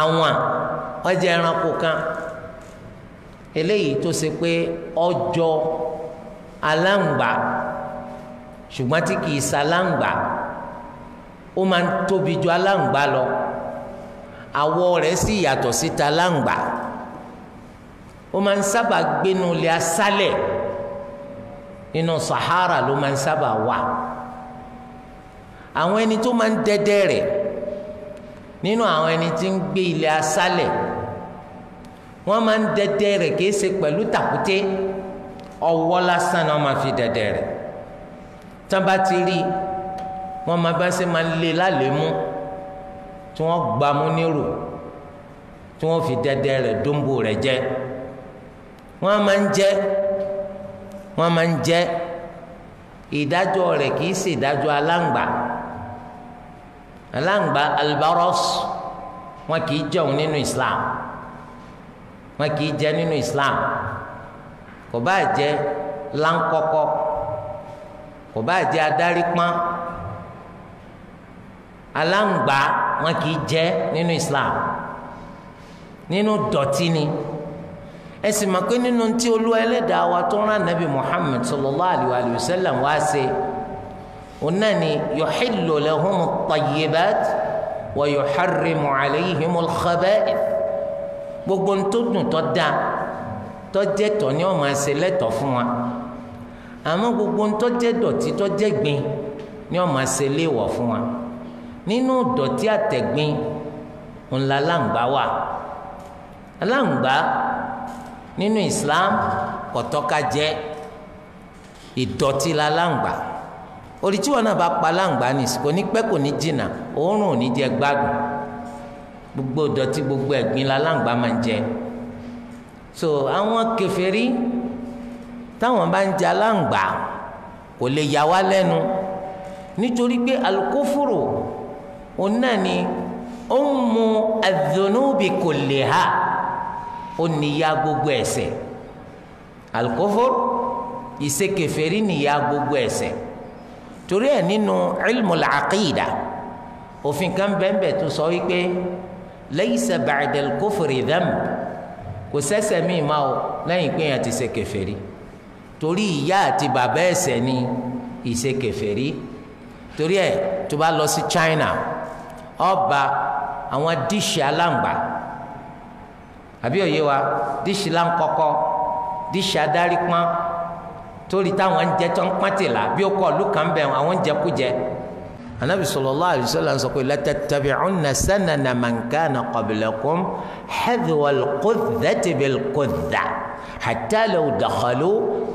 àwọn ọjà ẹranko kan eléyìí tó ṣe pé ọjọ́ aláǹgbà ṣùgbọ́n tí kìí ṣaláǹgbà ó máa ń tóbi ju aláǹgbá lọ àwọ̀ rẹ̀ sì yàtọ̀ síta aláǹgbá ó máa ń sábà gbénu ilẹ̀ aṣálẹ̀ nínú Sahara ló máa ń sábà wà àwọn ẹni tó máa ń dẹdẹ rẹ̀ nínú àwọn ẹni tí ń gbé ilẹ̀ asálẹ̀ wọ́n máa ń dẹdẹ rẹ̀ kìí ṣe pẹ̀lú tàkúté ọwọ́ lásán ni wọ́n máa fi dẹdẹ rẹ̀ tán bá ti rí wọ́n máa bá ṣe máa ń lé lálẹ́ mú tí wọ́n gbà mú nírò tí wọ́n fi dẹdẹ rẹ̀ dóńbò rẹ̀ jẹ wọ́n máa ń jẹ wọ́n máa ń jẹ ìdájọ́ rẹ̀ kìí ṣe ìdájọ́ aláǹgbà aláǹgbá albaros wọn kì í jẹun nínú islam wọn kì í jẹ nínú islam kò bá jẹ láńkọkọ kò bá jẹ adarí pọ́n aláǹgbá wọn kì í jẹ nínú islam nínú dọ̀tí ni ẹ sì mọ̀ pé nínú tí olú ẹlẹ́dàá wa tó rán nàbì muhammed sallallahu alayhi wa sallam wá ṣe onani yuhillu lahumu tayyibat wa yuharrimu alayhimu al-khaba'ith gbogbo ntodun tó da tó jẹ́ tọ́ ni ó máa ṣe lẹ́tọ̀ọ́ fún wa àmọ́ gbogbo ntó jẹ́ dọ̀tí tó gbin ni ó máa ṣe fún wa nínú dọ̀tí àtẹ̀gbin ńlá aláǹgbá wà aláǹgbá nínú Islam kò tọ́ la aláǹgbá. La orí tí wọn náà bá pa láǹgbá ní ìsìnkú ní pẹ́ kò ní jìnnà òórùn ò ní jẹ gbádùn gbogbo dọ̀tí gbogbo ẹ̀gbin la láǹgbá máa ń jẹ so àwọn kèfèrí táwọn bá ń jẹ aláǹgbá kò lè yà wá lẹ́nu nítorí pé alukófòrò òun náà ni ó ń mu adùnúbi kò lè ha ó níyà gbogbo ẹ̀ṣẹ̀ alukófòrò ìṣe kèfèrí níyà gbogbo ẹ̀ṣẹ̀ torí ẹ̀ nínú ilmul aqida òfin kan bẹ́ẹ̀ tó sọ wípé laysa ba'dal kufri dhanb kò sẹ́ṣẹ̀ míì máa o lẹ́yìn pé yẹn ti ṣe kèfèrí torí ìyá àti bàbá ẹ̀ṣẹ̀ ni ìṣe kèfèrí torí ẹ̀ tó bá lọ sí China ọba àwọn díṣì aláǹgbá àbí òye wa díṣì láǹkọ́kọ́ díṣì adárípọ́n torí táwọn ń jẹ tó ń pátìlá bí ó kọ ọlú kan bẹ̀ wọn àwọn ń jẹ kú jẹ. anabi sallallahu alaihi wasallam sọ pé latatabi'unna sanana man kana qablakum hadwal qudhati bil qudha hatta law dakhalu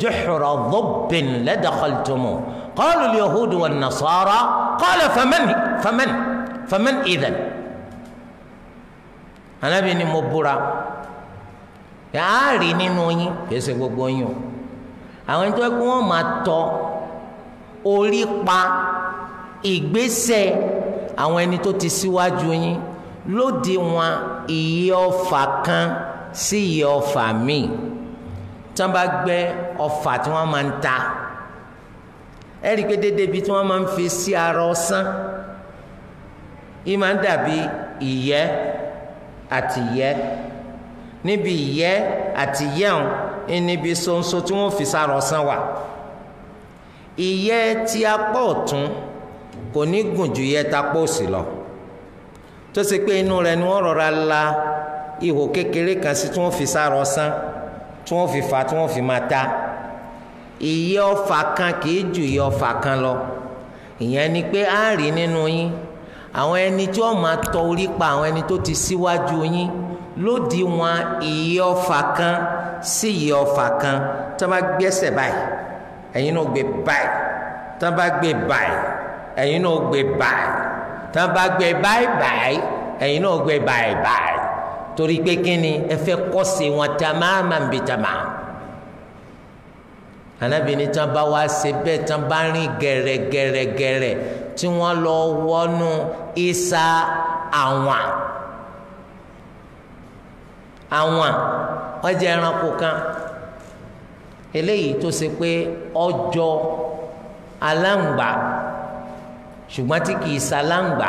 juhra dhabbin la dakhaltumu qalu al yahudu wan nasara qala faman faman faman idhan. anabi ni mo búra yàrá rí nínú yín kì í ṣe gbogbo yín o àwọn ẹni tó yẹ kó wọn máa tọ orí pa ìgbésẹ̀ àwọn ẹni tó ti síwájú yín lóde wọn iye ọfà kan sí iye ọfà míì tí wọn bá gbẹ́ ọfà tí wọn máa ń ta ẹ pé déédéé ibi tí wọn máa ń fi sí ara ọsán yìí máa ń dàbí ìyẹ́ àti ìyẹ́ níbi ìyẹ́ àti ìyẹ́ ọ̀hún níbi sonso tí wọ́n fi sárọ̀ san wà ìyẹ́ tí apá ọ̀tún kò ní gùn ju ìyẹ́ tapá òsì lọ tó ṣe pé inú rẹ̀ ni wọ́n rọra la ihò kékeré kan sí tí wọ́n fi sárọ̀ san tí wọ́n fi fa tí wọ́n fi máa ta ìyẹ́ ọfà kan kì ju ìyẹ́ ọfà kan lọ ìyẹn ni pé a rí nínú yín àwọn ẹni tí wọ́n máa tọ orí pa àwọn ẹni tó ti síwájú yín lódiwọ̀n ìyẹ́ ọfà kan sí iye ọfà kan tó bá gbẹ́sẹ̀ báyìí ẹ̀yin náà gbé báyìí tó bá gbé báyìí ẹ̀yin náà gbé báyìí tó bá gbé báyìí báyìí ẹ̀yin náà gbé báyìí báyìí torí pé kí ni ẹ fẹ́ kọ́ sí wọn tamaman bi tamam anabini tán bá wá ṣe bẹ́ẹ̀ tán bá rìn gẹ̀rẹ́gẹ̀rẹ́gẹ̀rẹ́ tí wọ́n lọ wọnú ìsà àwọn àwọn wọ́n jẹ́ ẹranko kan eléyìí tó ṣe pé ọjọ́ aláǹgbá ṣùgbọ́n tí kìí ṣaláǹgbá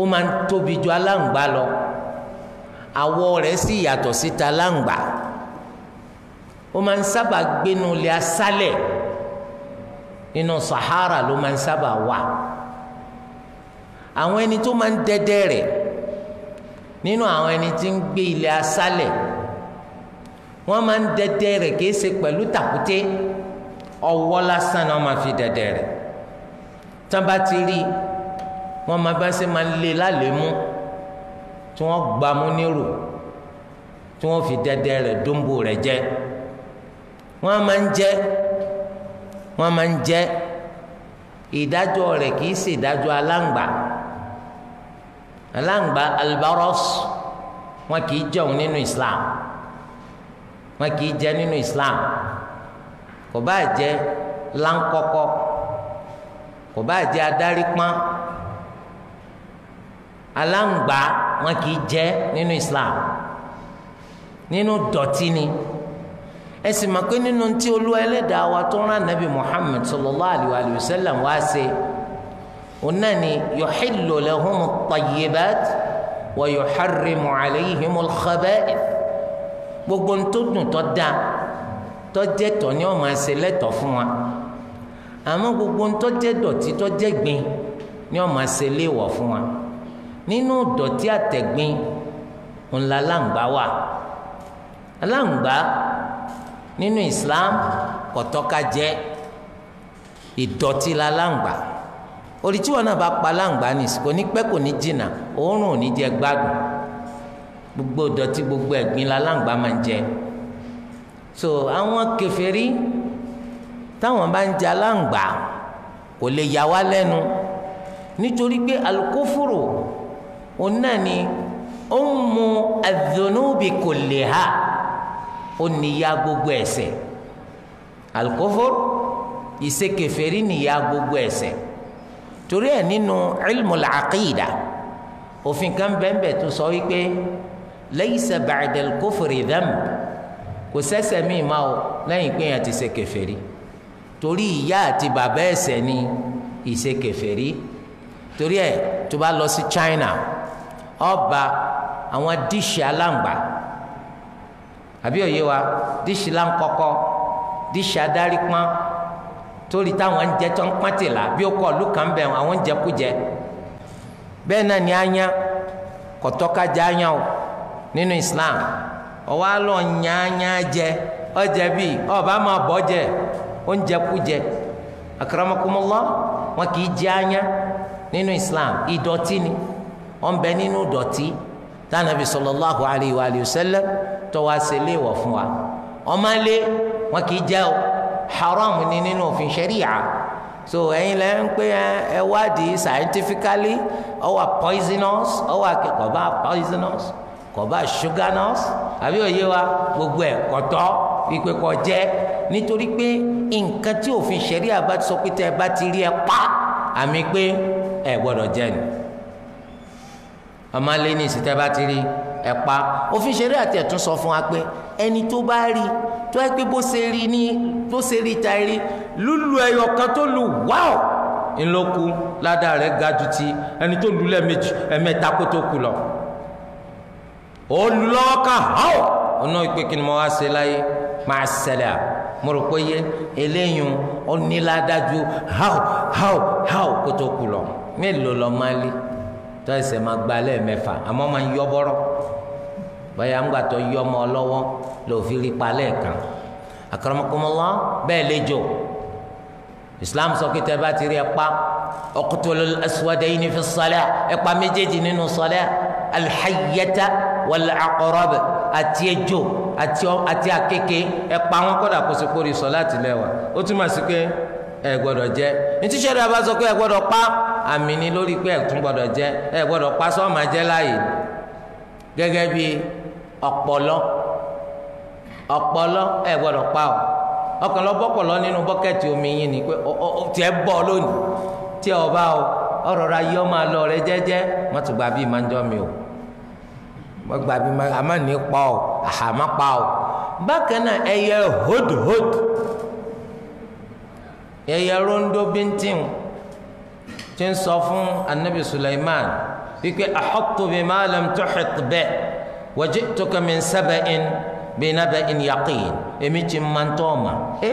ó máa ń tóbi ju aláǹgbá lọ àwọ̀ rẹ̀ sì yàtọ̀ síta aláǹgbá ó máa ń sábà gbénu lé aṣálẹ̀ nínú Sahara ló máa ń sábà wà àwọn ẹni tó máa ń dẹdẹ rẹ̀ nínú àwọn ẹni tí ń gbé ilẹ̀ aṣálẹ̀ wọ́n máa ń dẹdẹ rẹ̀ kìí ṣe pẹ̀lú tàkúté ọwọ́ lásán ni wọ́n máa fi dẹdẹ rẹ̀ tán bá ti rí wọ́n máa bá ṣe máa lé lálẹ́ mú tí wọ́n gbà mú nírò tí wọ́n fi dẹdẹ rẹ̀ dóńbò rẹ̀ jẹ wọ́n máa ń jẹ wọ́n máa ń jẹ ìdájọ́ rẹ̀ kìí ṣe ìdájọ́ aláǹgbá aláǹgbá albaros wọ́n kìí jẹun nínú Islam wọn kì í jẹ nínú Islam kò bá jẹ láńkọkọ kò bá jẹ adarí pọ́n aláǹgbá wọn kì í jẹ nínú Islam nínú dọ̀tí ni ẹ sì mọ̀ pé nínú tí olúwa ẹlẹ́dàá wa tó rán nàbì Muhammad sallallahu alayhi wa sallam wá sí òun ni yuhillu lahum at-tayyibat wa yuharrimu alayhim al-khaba'ith gbogbo ń tó dùn tó dáa tó jẹ́ tọ̀ ni wọ́n máa ṣe lẹ́tọ̀ fún wa àmọ́ gbogbo ń tó jẹ́ dọ̀tí tó jẹ́ gbin ni wọ́n máa ṣe léèwọ̀ fún wa nínú dọ̀tí àtẹ̀gbin ńlá láǹgbá wà aláǹgbá nínú Islam kò tọ́ ká jẹ ìdọ̀tí la láǹgbá orí tí wọn náà bá pa láǹgbá nìsí kò ní pẹ́ kò ní jìnnà òórùn ò ní jẹ gbádùn gbogbo dọ̀tí gbogbo ẹ̀gbin la láǹgbá máa ń jẹ so àwọn kèfèrí táwọn bá ń jẹ aláǹgbá kò lè yà wá lẹ́nu nítorí pé alukófòrò òun náà ni ó ń mu adùnúbi kò lè ha ó níyà gbogbo ẹ̀ṣẹ̀ alukófòrò ìṣe kèfèrí níyà gbogbo ẹ̀ṣẹ̀ torí ẹ̀ nínú ilmu làákìyìdá òfin kan bẹ́ẹ̀ bẹ́ẹ̀ tó sọ wípé laysa ba'dal kufri dhanb kò sẹ́ṣẹ̀ míì máa o lẹ́yìn pé èèyàn ti ṣe kèfèrí torí ìyá àti bàbá ẹ̀ṣẹ̀ ni ìṣe kèfèrí torí ẹ̀ tó bá lọ sí China ọba àwọn díṣì aláǹgbá àbí òye wa díṣì láǹkọ́kọ́ díṣì adarí torí táwọn ń jẹ tó ń pọ́ntì là bí ó kọ́ ọ̀lú kan bẹ̀ àwọn ń jẹ kú jẹ bẹ́ẹ̀ náà ni ányá kọ̀tọ́kájà ányá o. nínú Islam ọwọ́ alọ́ nyanya jẹ ọjẹ bíi ọba ma bọ́ jẹ oúnjẹ kú jẹ akramakumullah wọn kì í jẹ anya nínú Islam ìdọ̀tí ni wọn bẹ nínú dọ̀tí tánàbí sallallahu alayhi wa alihi wa tọwọ́ àṣẹlẹ̀ wọ̀ fún wa ọmọ alẹ́ wọn kì í jẹ o haram ni nínú òfin so ẹ̀yin lẹ ń pè ẹ wádìí scientifically poisonous bá kò bá sugar nurse àbí òye wa gbogbo ẹ̀ kọ̀tọ́ wípé kò jẹ́ nítorí pé nǹkan tí òfin ṣẹ̀rí àbá ti sọ pé tẹ́ ẹ bá ti rí ẹ pa àmì pé ẹ gbọ́dọ̀ jẹ ni ọmọ alẹ́ ní ìsìtẹ́ bá ti rí ẹ pa òfin ṣẹ̀rí àti ẹ̀tún sọ fún wa pé ẹni tó bá rí tó ẹ pé bó ṣe rí ní tó ṣe rí ta rí lúlu ẹyọ kan tó lu wáò ńlọkù ládàá rẹ̀ ga ti ẹni tó lu lẹ́ẹ̀mejì ẹ̀mẹ́ta kó tó kù lọ ó lu lọ́wọ́ ká hàn ọ̀nà ìpè kí ni mo wá ṣe láyé máa ṣẹlẹ̀ à mo rò pé yé eléyìí ó ní ládájú hàn hàn hàn kó tó kù lọ mélòó lọ máa lé tó ẹsẹ̀ máa gba lẹ́ẹ̀mẹ́fà àmọ́ máa ń yọ bọ́rọ́ báyà ń gbà tó yọ ọmọ lọ́wọ́ lò rí pa lẹ́ẹ̀kan akramakumullah bẹ́ẹ̀ lẹ́jọ́ Islam sọ pé tẹ́ bá ti rí ẹ pa uqtulul aswadayni fi s méjèèjì nínú sọlẹ́ al wal aqrab àti ejò àti àkekèé ẹ pa wọn kọ́dà kó sì kórè sọ láti lẹ́wà ó túmọ̀ sí pé ẹ gbọ́dọ̀ jẹ ntí sẹ́dọ̀ abá sọ pé ẹ gbọ́dọ̀ pa àmì ni lórí pé ẹ tún gbọ́dọ̀ jẹ ẹ gbọ́dọ̀ pa sọ́ọ̀mà jẹ́ láàyè gẹ́gẹ́ bí ọ̀pọ̀lọ́ ọ̀pọ̀lọ́ ẹ o pa ọ ọ̀pọ̀lọ́ bọ́pọ̀lọ́ nínú bọ́kẹ́tì omi yín ni pé tí ẹ bọ́ lónìí tí ọ o ọ ọ̀rọ̀ ra yọ́ máa lọ rẹ jẹ́jẹ́ mọ́tò gbà bíi máa ń jọ́ o gbà bí àmọ́ ní pa ọ́ àmọ́ pa ọ́ bákan náà ẹyẹ hódhód ẹyẹ rondo bíntín tí ń sọ fún anabi Sulaiman wípé ahọ́tò bí malam tó xìtì bẹ́ẹ̀ wàjú tókè mi sábà in bí nàbà in yàqin èmi ti máa ń tọ́ ma ẹ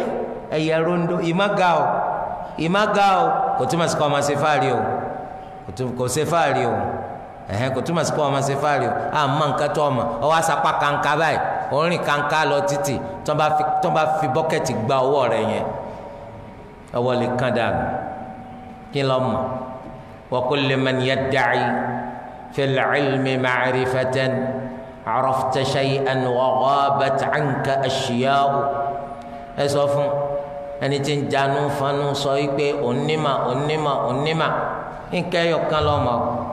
ẹyẹ rondo ìmá ga o ìmá kò tí ma sì ma ṣe fáàrí o kò ṣe fáàrí o ẹ̀hẹ́n kò túmọ̀ sí pé ọmọ ṣe fáàrí o à ń mọ nǹkan tó ọmọ ọwọ́ asapá kàńkà báyìí orin kàńkà lọ títì tó bá fi bọ́kẹ́tì gba ọwọ́ rẹ̀ yẹn ọwọ́ lè kán dànù kí ló mọ̀ wa kullu man yadda'i fil ilmi ma'rifatan arafta shay'an wa ghabat 'anka ashya'u ẹ sọ fún ẹni tí ń janú fanú sọ wípé onímà onímà onímà ń kẹ́yọ̀ kan lọ́mọ́ o.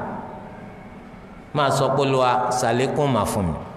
máa sọ pé Olúwa ṣàlékún mà fún mi.